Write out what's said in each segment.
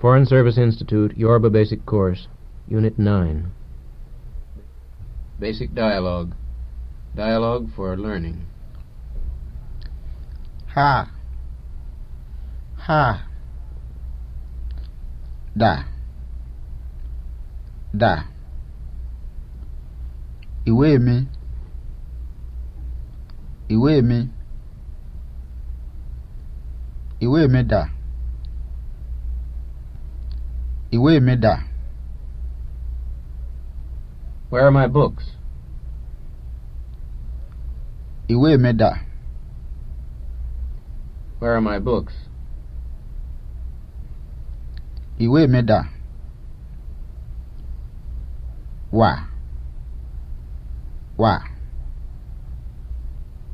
Foreign Service Institute, Yoruba Basic Course, Unit 9. Basic Dialogue. Dialogue for Learning. Ha. Ha. Da. Da. Ìwé mi. Ìwé mi. Ìwé mi dà. ìwé mi dà. Where are my books? Ìwé mi dà. Where are my books? Ìwé mi dà. Wà. Wà.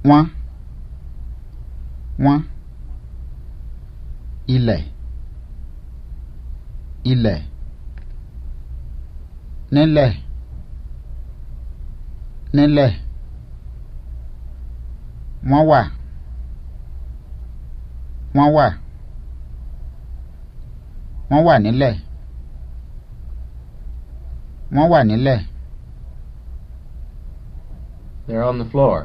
Wọ́n. Wọ́n. Ilẹ̀ ilẹ̀ nílẹ̀ nílẹ̀ wọ́n wà wọ́n wà wọ́n wà nílẹ̀ wọ́n wà nílẹ̀. They're on the floor.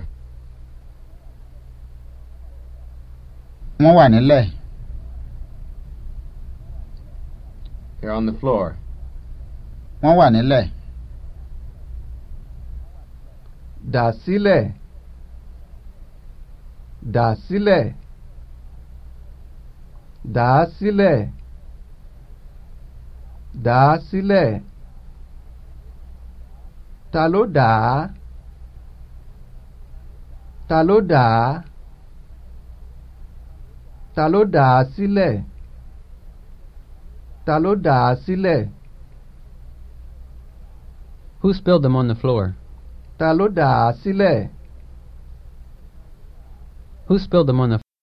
wọ́n wà nílẹ̀. They're on the floor. Wọ́n wà nílẹ̀. Dà sílẹ̀. Dà sílẹ̀. Dà sílẹ̀. Dà sílẹ̀. Ta ló dà á? Ta ló dà á? Ta ló dà á sílẹ̀? ta ló dà á sílẹ̀? Who spilled them on the floor? Ta ló dà á sílẹ̀? Who spilled them on the floor?